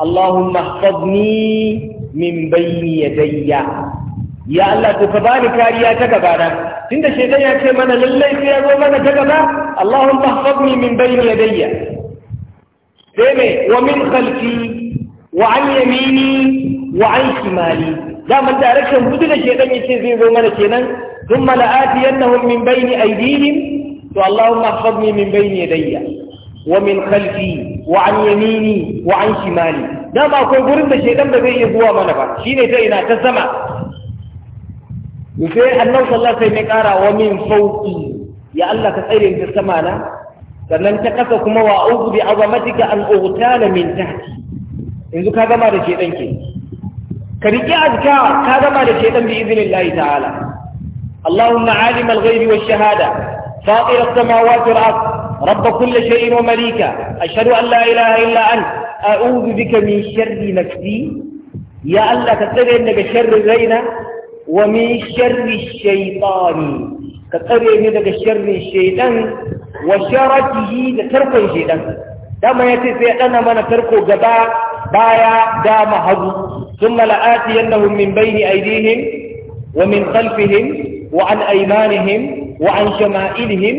اللهم احفظني min bayni yadayya ya Allah to ka bani kariya ta gaba na tunda shaitan ya ce mana lallai sai ya zo mana ta gaba Allahumma ihfazni min bayni yadayya sai me wa min khalfi wa an yamini wa an shimali zaman direction gudu da shaitan ya ce zai zo mana kenan ثم لآتينهم من بين أيديهم اللهم احفظني من بين يدي ومن خلفي وعن يميني وعن شمالي dama akwai gurin da shedan da zai yi zuwa mana ba shine ta ina ta sama sai annabi sallallahu alaihi wasallam ya kara wa min fawqi ya Allah ka tsare ni sama na sannan ta kasa kuma wa a'udhu bi azamatika an ughtala min tahti yanzu ka gama da shedan ke ka riƙe azka ka gama da shedan bi iznillahi ta'ala اللهم عالم الغيب والشهادة فاطر السماوات والأرض رب كل شيء ومليكه أشهد أن لا إله إلا أنت a'udhu bika min sharri nafsi ya Allah ka tsare daga sharrin raina wa min sharri shaytani ka tsare ni daga sharrin shaytan wa sharatihi da tarkon shaytan dama yace sai ya dana mana tarko gaba baya dama hagu thumma la'atiyannahum min bayni aydihim wa min khalfihim wa an aymanihim wa an shama'ilihim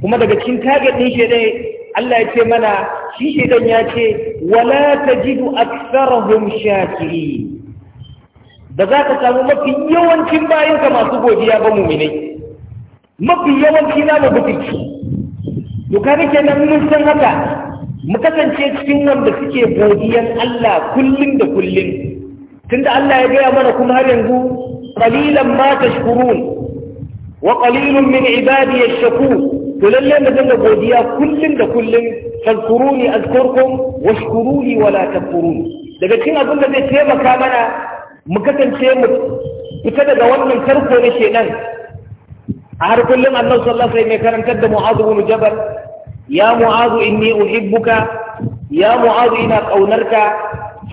kuma daga cikin target din shaytan Allah ya ce mana shi idan ya ce wala tajidu aktsarahum Shakiri,' ba za ka samu mafi yawancin bayanka masu godiya ba muminai mafi yawanci na mu butulci to kaga kenan mun san haka mu kasance cikin wanda suke godiyan Allah kullum da kullin. tunda Allah ya gaya mana kuma har yanzu qalilan ma tashkurun wa qalilun min ibadiy ash-shakur to lalle mu dinga godiya kullum da kullum fadkuruni azkurkum washkuruni wala takfuruni daga cikin abin da zai taimaka mana mu kasance mu daga wannan tarko na shedan a har kullum Allah sallallahu alaihi mai karantar da Mu'adh ibn Jabal ya Mu'adh inni uhibbuka ya Mu'adh ina kaunarka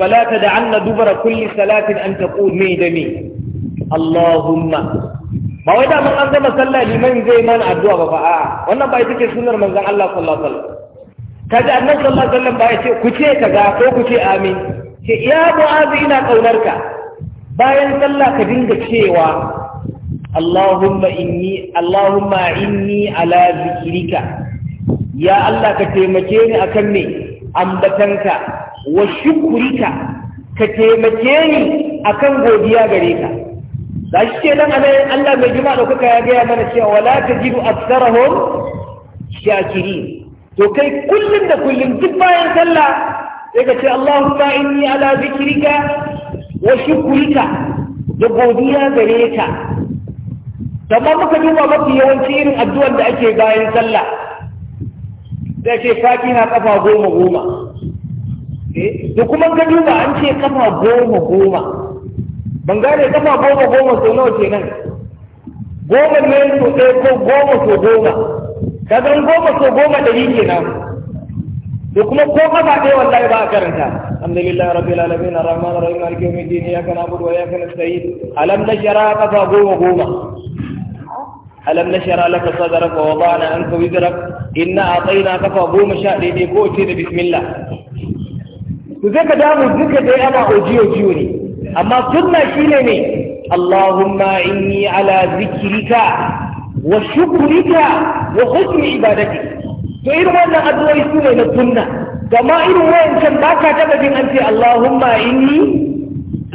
fala tad'anna dubara kulli salatin an taqul mai da Allahumma ba wai da an gama sallah liman zai mana addu'a ba fa a'a wannan ba ita ce sunnar manzon Allah sallallahu alaihi wasallam kaji annabi sallallahu alaihi wasallam ba ya ce ku ce kaza ko ku ce amin ce ya mu'azi ina kaunarka bayan sallah ka dinga cewa Allahumma inni Allahumma inni ala zikrika ya Allah ka taimake ni akan me ambatanka wa shukurika ka taimake ni akan godiya gare ka da ke nan anan Allah mai jima da kuka ya gaya mana cewa wala tajidu aktsarahum shakirin to kai kullum da kullum duk bayan sallah sai ka ce Allahumma inni ala zikrika wa shukrika da godiya gare ka amma muka duba mafi yawanci irin addu'ar da ake bayan sallah da ce na kafa goma goma da eh, kuma ka duba an ce kafa goma goma ban gane kafa goma goma sau nawa kenan goma ne so ɗaya ko goma sau goma kaga goma sau goma ɗari kenan da kuma ko kafa ɗaya wallahi ba a karanta alhamdulillah rabbil alamin arrahman arrahim maliki yawmid din iyyaka na'budu wa iyyaka nasta'in alam nashra kafa goma goma alam nashra laka sadrak wa wada'na anka wizrak inna a'tainaka kafa goma sha daidai ko ce da bismillah to zai ka damu duka dai ana ojiyo jiyo ne amma sunna shine ne Allahumma inni ala zikrika wa shukrika wa husni ibadati to irin wannan addu'o'i su ne na sunna gama irin wayancan ba ka taba jin an ce Allahumma inni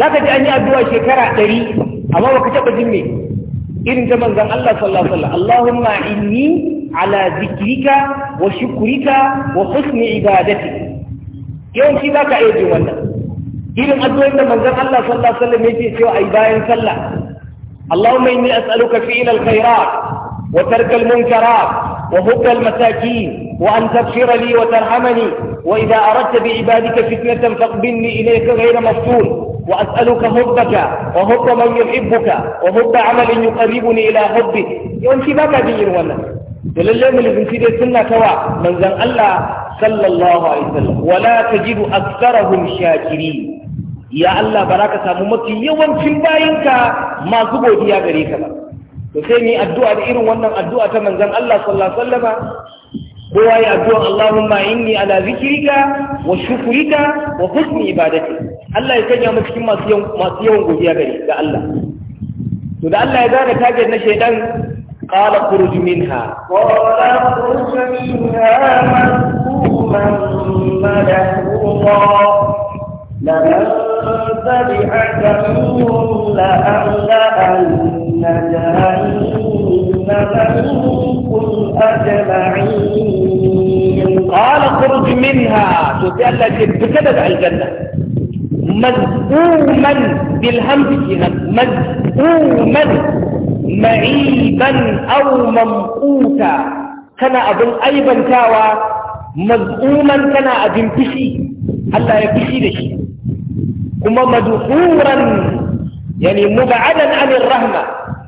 zaka ji an yi addu'a shekara ɗari amma baka taba jin me irin ta manzon Allah sallallahu alaihi wasallam Allahumma inni ala zikrika wa shukrika wa husni ibadati yawanci zaka iya jin wannan irin addu'o'in da manzon Allah sallallahu alaihi wasallam yake cewa ai bayan sallah Allahumma inni as'aluka fi'l al-khairat wa tark al-munkarat wa hubb al-masakin wa an taghfir li wa tarhamani wa idha aradta bi ibadika fitnatan faqbilni ilayka ghayra maftun وأسألك حبك وحب من يحبك وحب عمل يقربني إلى حبك يوانشي بابا دين وانا لله من الانسي دي سنة كوا من ذن الله صلى الله عليه وسلم ولا تجد أكثرهم شاكرين ya Allah ba za ka samu mafi yawancin bayinka masu godiya gare ka ba to sai ni addu'a da irin wannan addu'a ta manzon Allah sallallahu alaihi wasallama kowa ya addu'a Allahumma inni ala zikrika wa shukrika wa husni ibadati Allah ya sanya mu cikin masu yawan masu yawan godiya gare ga Allah to da Allah ya gane target na shaydan qala khuruj minha qala khuruj minha madhuman madhuman جهنم أجمعين قال اخرج منها تتألت بكذا على الجنة مذءوما بالهمس هنا مذءوما معيبا أو ممقوتا كان أظن أيضا كاوى مذءوما كان أبن بشي الله يبشي لشي kuma madhuran yani mub'adan anir rahma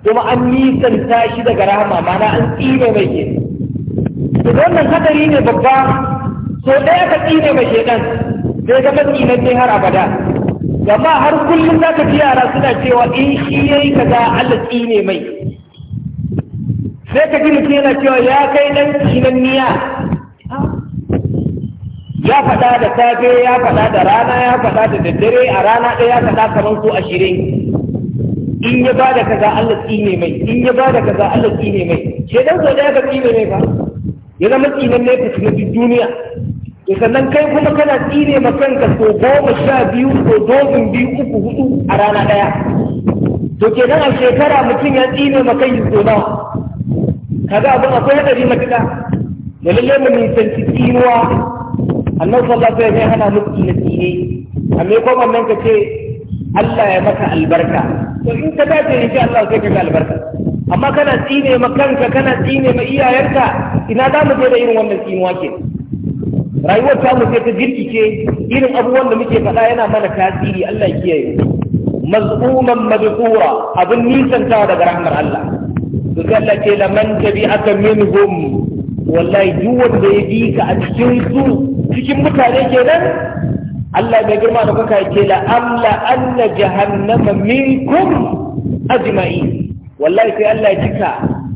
kuma an nisanta shi daga rahma, mana an tsine mai ke to wannan hadari ne babba so ɗaya ka tsine mai shedan sai ka tsinan ne har abada gama har kullum za ka ji yara suna cewa in eh, shi ya yi kaza Allah tsine mai sai ka ji mutum yana cewa ya kai ɗan tsinan ya faɗa da safe ya faɗa da rana ya faɗa da daddare a rana ɗaya ya faɗa kamar ko ashirin in ya ba da kaza Allah ne mai in ya ba da kaza Allah ne mai shedan da ya ki ne mai ba ya zama ki ne ka cikin duniya to sannan kai kuma kana ne ma kanka ko goma sha biyu ko domin biyu uku hudu a rana ɗaya to kenan a shekara mutum ya ne ma kai ko nawa kaga abin akwai hadari matuƙa da lallai mu nisanci tsinuwa annabi sallallahu alaihi wasallam hana muku tunani ne amma ko wannan ka ce Allah ya maka albarka to in ka dace insha Allah sai ka ga albarka amma kana tsine ma kanka kana tsine ma iyayenka ina za mu je da irin wannan tsinuwa ke rayuwar ta mu sai ta jirkice irin abubuwan da muke faɗa yana mana tasiri Allah ya kiyaye mazmuman abun abin nisantawa daga rahmar Allah to sai Allah ce laman tabi'aka minhum wallahi duk wanda ya bi ka a cikin su cikin mutane kenan Allah mai girma da kuka yake la amla anna jahannama minkum ajma'i wallahi sai Allah ya cika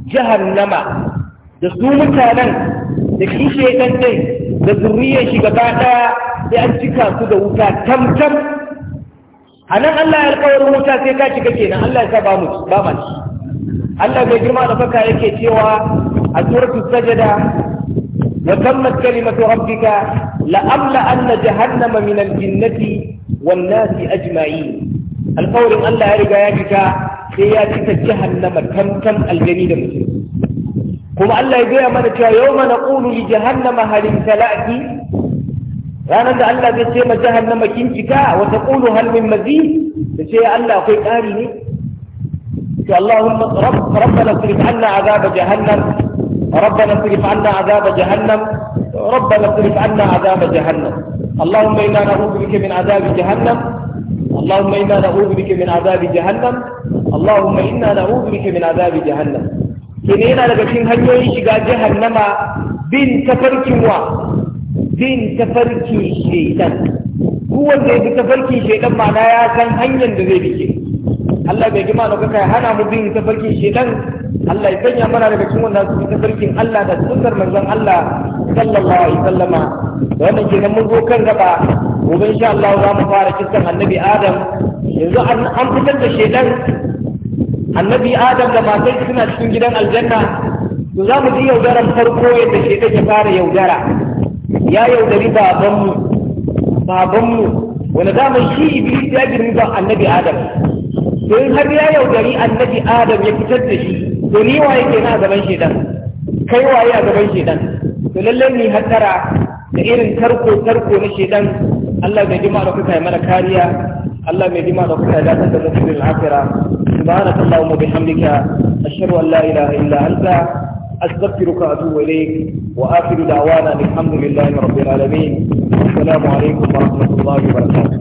jahannama da su mutanen da kishe dan dai da zuriyar shi gaba daya sai an cika su da wuta tamtam a nan Allah ya alƙawarin wuta sai ka cika kenan Allah ya sa ba mu ba mu Allah mai girma da kuka yake cewa a suratul sajada وتمت كلمة ربك لأملأن جهنم من الجنة والناس أجمعين القول أن لا أرجع يكا سياتك جهنم كم كم الجنين مسلم قل أن لا يجي أمنك يوم نقول لجهنم هل امتلأت؟ وأنا أن لا تسيما جهنم كنتك وتقول هل من مزيد تسيما أن لا أخي آلي اللهم رب ربنا اصرف عنا عذاب جهنم ربنا اصرف عنا عذاب جهنم ربنا اصرف عنا عذاب جهنم اللهم إنا نعوذ بك من عذاب جهنم اللهم نعوذ بك من عذاب جهنم اللهم نعوذ بك من عذاب جهنم kene yana daga cikin hanyoyin shiga jahannama bin tafarkin wa bin tafarkin shaitan duk wanda bi tafarkin shaitan ma'ana ya san hanyar da zai bi Allah bai gima da kuka hana mu bin tafarkin shaitan Allah ya sanya mana daga cikin wannan su ta sarkin Allah da sunnar manzon Allah sallallahu alaihi wasallama wannan kenan mun zo kan gaba gobe insha Allah za mu fara kisan annabi Adam yanzu an fitar da shedan annabi Adam da matar suna cikin gidan aljanna to za mu ji yaudaran farko yadda shedan ya fara yaudara ya yaudari babanmu babanmu wani damar shi iblis ya girmi ba annabi Adam to in har ya yaudari annabi Adam ya fitar da shi to ni waye ke na gaban shedan kai waye a gaban shedan to lalle ni hattara da irin tarko tarko na shedan Allah bai jima da kuka yi mana kariya Allah mai jima da kuka yi da da mutum al-akhira سبحانك اللهم وبحمدك أشهد أن لا إله إلا أنت أستغفرك وأتوب إليك وآخر دعوانا الحمد لله رب العالمين السلام عليكم ورحمة الله وبركاته